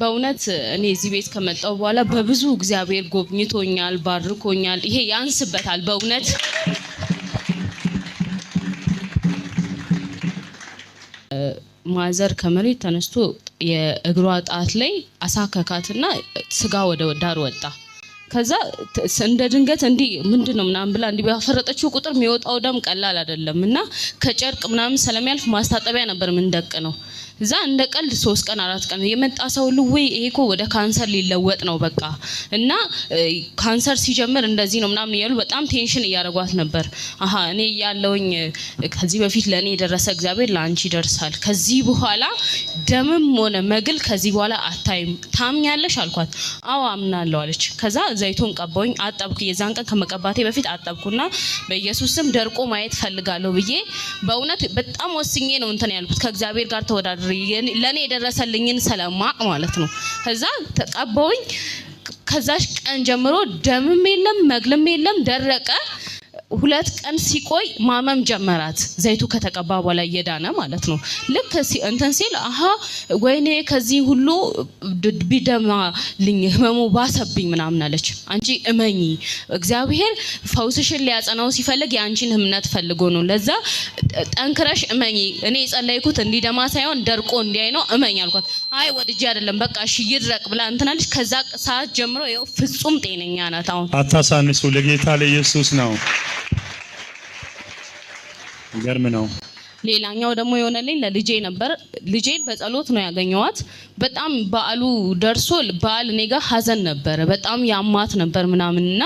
በእውነት እኔ እዚህ ቤት ከመጣሁ በኋላ በብዙ እግዚአብሔር ጎብኝቶኛል፣ ባርኮኛል። ይሄ ያንስበታል በእውነት ማዘር ከመሬት ተነስቶ የእግሯ ጣት ላይ አሳከካትና ስጋ ወደ ዳር ወጣ። ከዛ እንደ ድንገት እንዲህ ምንድን ነው ምናምን ብላ እንዲህ ባፈረጠችው ቁጥር የሚወጣው ደም ቀላል አይደለም እና ከጨርቅ ምናምን ስለሚያልፍ ማስታጠቢያ ነበር ምንደቅ ነው እዛ እንደ ቀልድ ሶስት ቀን አራት ቀን የመጣ ሰው ልውይ ይሄ እኮ ወደ ካንሰር ሊለወጥ ነው በቃ እና ካንሰር ሲጀምር እንደዚህ ነው ምናምን እያሉ በጣም ቴንሽን እያደረጓት ነበር። አሀ እኔ ያለውኝ ከዚህ በፊት ለእኔ የደረሰ እግዚአብሔር ለአንቺ ይደርሳል። ከዚህ በኋላ ደምም ሆነ መግል ከዚህ በኋላ አታይም። ታምኛለሽ አልኳት። አዎ አምናለሁ አለች። ከዛ ዘይቱን ቀባውኝ አጠብኩ። የዛን ቀን ከመቀባቴ በፊት አጠብኩና በኢየሱስ ስም ደርቆ ማየት ፈልጋለሁ ብዬ በእውነት በጣም ወስኜ ነው እንትን ያልኩት ከእግዚአብሔር ጋር ተወዳደ ለእኔ የደረሰልኝን ስለማቅ ማለት ነው። ከዛ ተቀባውኝ። ከዛሽ ቀን ጀምሮ ደምም የለም መግልም የለም ደረቀ። ሁለት ቀን ሲቆይ ማመም ጀመራት። ዘይቱ ከተቀባ በኋላ እየዳነ ማለት ነው። ልክ እንትን ሲል አሀ ወይኔ ከዚህ ሁሉ ቢደማልኝ ህመሙ ባሰብኝ ምናምን አለች። አንቺ እመኚ እግዚአብሔር ፈውስሽን ሊያጸናው ሲፈልግ የአንቺን እምነት ፈልጎ ነው። ለዛ ጠንክረሽ እመኚ። እኔ የጸለይኩት እንዲደማ ሳይሆን ደርቆ እንዲያይ ነው እመኝ አልኳት። አይ ወድጄ አይደለም በቃ እሺ ይድረቅ ብላ እንትናለች። ከዛ ሰዓት ጀምሮ ይኸው ፍጹም ጤነኛ ናት። አሁን አታሳንሱ። ለጌታ ለኢየሱስ ነው። You got him know. ሌላኛው ደግሞ የሆነልኝ ለልጄ ነበር። ልጄን በጸሎት ነው ያገኘዋት። በጣም በዓሉ ደርሶ በዓል እኔ ጋር ሀዘን ነበረ። በጣም ያማት ነበር ምናምን እና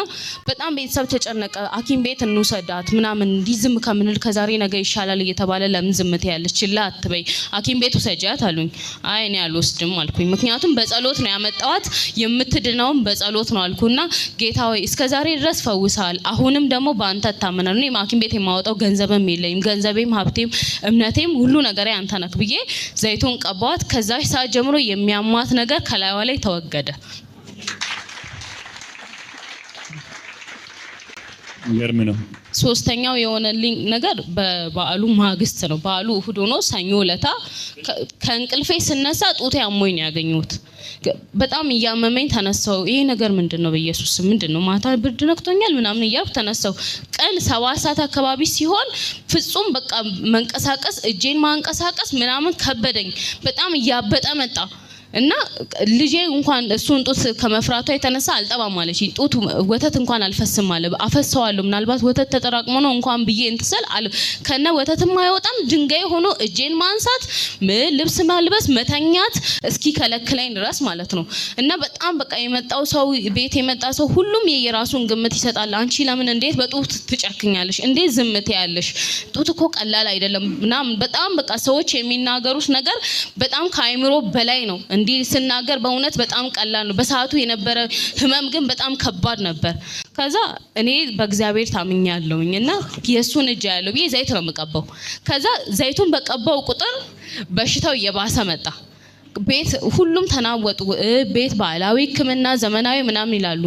በጣም ቤተሰብ ተጨነቀ። ሐኪም ቤት እንውሰዳት ምናምን እንዲህ ዝም ከምንል ከዛሬ ነገ ይሻላል እየተባለ ለምን ዝም ትያለሽ? ችላ አትበይ፣ ሐኪም ቤት ውሰጃት አሉኝ። አይ እኔ አልወስድም አልኩኝ። ምክንያቱም በጸሎት ነው ያመጣዋት የምትድነውም በጸሎት ነው አልኩና ጌታ ሆይ እስከዛሬ ድረስ ፈውሰሃል፣ አሁንም ደግሞ በአንተ እታመናለሁ። እኔ ሐኪም ቤት የማወጣው ገንዘብም የለኝም ገንዘቤም ሀብቴም እምነቴም ሁሉ ነገር አንተ ነክ ብዬ ዘይቱን ቀባዋት። ከዛ ሰዓት ጀምሮ የሚያሟት ነገር ከላይዋ ላይ ተወገደ። ነው። ሶስተኛው የሆነልኝ ነገር በበዓሉ ማግስት ነው። በዓሉ እሁድ ሆኖ ሰኞ ለታ ከእንቅልፌ ስነሳ ጡቴ አሞኝ ነው ያገኘሁት። በጣም እያመመኝ ተነሳው። ይሄ ነገር ምንድን ነው? በኢየሱስ ምንድን ነው? ማታ ብርድ ነክቶኛል ምናምን እያልኩ ተነሳው። ቀን ሰባት ሰዓት አካባቢ ሲሆን ፍጹም በቃ መንቀሳቀስ እጄን ማንቀሳቀስ ምናምን ከበደኝ። በጣም እያበጠ መጣ። እና ልጄ እንኳን እሱን ጡት ከመፍራቷ የተነሳ አልጠባም አለች። ጡት ወተት እንኳን አልፈስም አለ። አፈሰዋለሁ ምናልባት ወተት ተጠራቅሞ ነው እንኳን ብዬ እንትሰል አለ። ከነ ወተትም አይወጣም ድንጋይ ሆኖ እጄን ማንሳት፣ ልብስ ማልበስ፣ መተኛት እስኪ ከለክለኝ ድረስ ማለት ነው። እና በጣም በቃ የመጣው ሰው ቤት የመጣ ሰው ሁሉም የየራሱን ግምት ይሰጣል። አንቺ ለምን እንዴት በጡት ትጨክኛለሽ? እንዴት ዝምት ያለሽ? ጡት እኮ ቀላል አይደለም ምናምን በጣም በቃ ሰዎች የሚናገሩት ነገር በጣም ከአይምሮ በላይ ነው። እንዲህ ስናገር በእውነት በጣም ቀላል ነው። በሰዓቱ የነበረ ህመም ግን በጣም ከባድ ነበር። ከዛ እኔ በእግዚአብሔር ታምኛለሁኝ እና የእሱን እጅ ያለው ብዬ ዘይት ነው የምቀባው። ከዛ ዘይቱን በቀባው ቁጥር በሽታው እየባሰ መጣ። ቤት ሁሉም ተናወጡ። ቤት ባህላዊ ሕክምና ዘመናዊ ምናምን ይላሉ።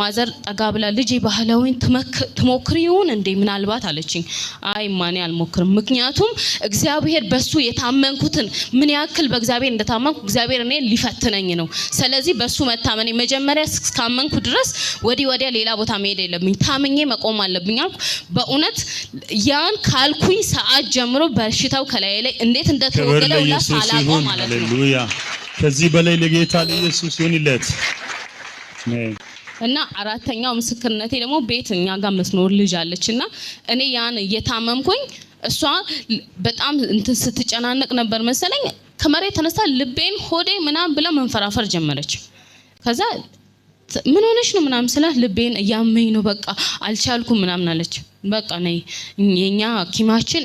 ማዘር ጠጋ ብላ ልጅ ባህላዊ ትሞክር ይሁን እንዴ ምናልባት አለችኝ። አይ ማኔ አልሞክርም፣ ምክንያቱም እግዚአብሔር በሱ የታመንኩትን ምን ያክል በእግዚአብሔር እንደታመንኩ እግዚአብሔር እኔ ሊፈትነኝ ነው። ስለዚህ በሱ መታመኔ መጀመሪያ እስካመንኩ ድረስ ወዲህ ወዲያ ሌላ ቦታ መሄድ የለብኝ፣ ታምኜ መቆም አለብኝ አልኩ። በእውነት ያን ካልኩኝ ሰዓት ጀምሮ በሽታው ከላይ ላይ እንዴት እንደተወገለ ሁላ ሳላቆም ማለት ነው ከዚህ በላይ ለጌታ ለኢየሱስ ይሁንለት። እና አራተኛው ምስክርነቴ ደግሞ ቤት እኛ ጋር መስኖር ልጅ አለች እና እኔ ያን እየታመምኩኝ እሷ በጣም እንትን ስትጨናነቅ ነበር መሰለኝ ከመሬት ተነስታ ልቤን ሆዴ ምናምን ብላ መንፈራፈር ጀመረች ከዛ ምን ሆነሽ ነው ምናምን ስላት ልቤን እያመኝ ነው በቃ አልቻልኩም ምናምን አለች። በቃ ነይ የኛ ሐኪማችን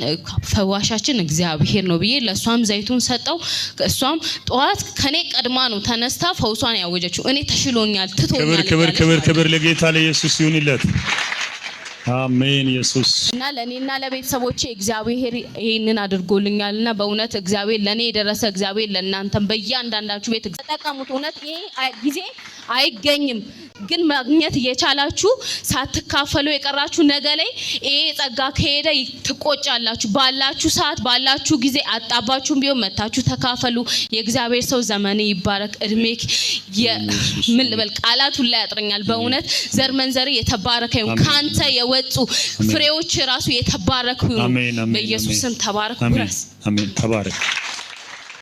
ፈዋሻችን እግዚአብሔር ነው ብዬ ለእሷም ዘይቱን ሰጠው። እሷም ጠዋት ከኔ ቀድማ ነው ተነስታ ፈውሷን ያወጀችው። እኔ ተሽሎኛል፣ ትቶኛል። ክብር ክብር ክብር ለጌታ ለኢየሱስ ይሁንለት። አሜን ኢየሱስ እና ለኔና ለቤተሰቦቼ እግዚአብሔር ይሄንን አድርጎልኛልና በእውነት እግዚአብሔር ለኔ የደረሰ እግዚአብሔር ለእናንተም በእያንዳንዳችሁ ቤት ተጠቀሙት። እውነት ይሄ ጊዜ አይገኝም። ግን ማግኘት እየቻላችሁ ሳትካፈሉ የቀራችሁ ነገ ላይ ይሄ ጸጋ ከሄደ ትቆጫላችሁ። ባላችሁ ሰዓት ባላችሁ ጊዜ አጣባችሁም ቢሆን መታችሁ ተካፈሉ። የእግዚአብሔር ሰው ዘመን ይባረክ። እድሜ ምን ልበል ቃላቱ ላይ ያጥረኛል። በእውነት ዘር መንዘር የተባረከ ይሁን። ከአንተ የወጡ ፍሬዎች ራሱ የተባረኩ ይሁን። በኢየሱስም ተባረክ። ተባረክ።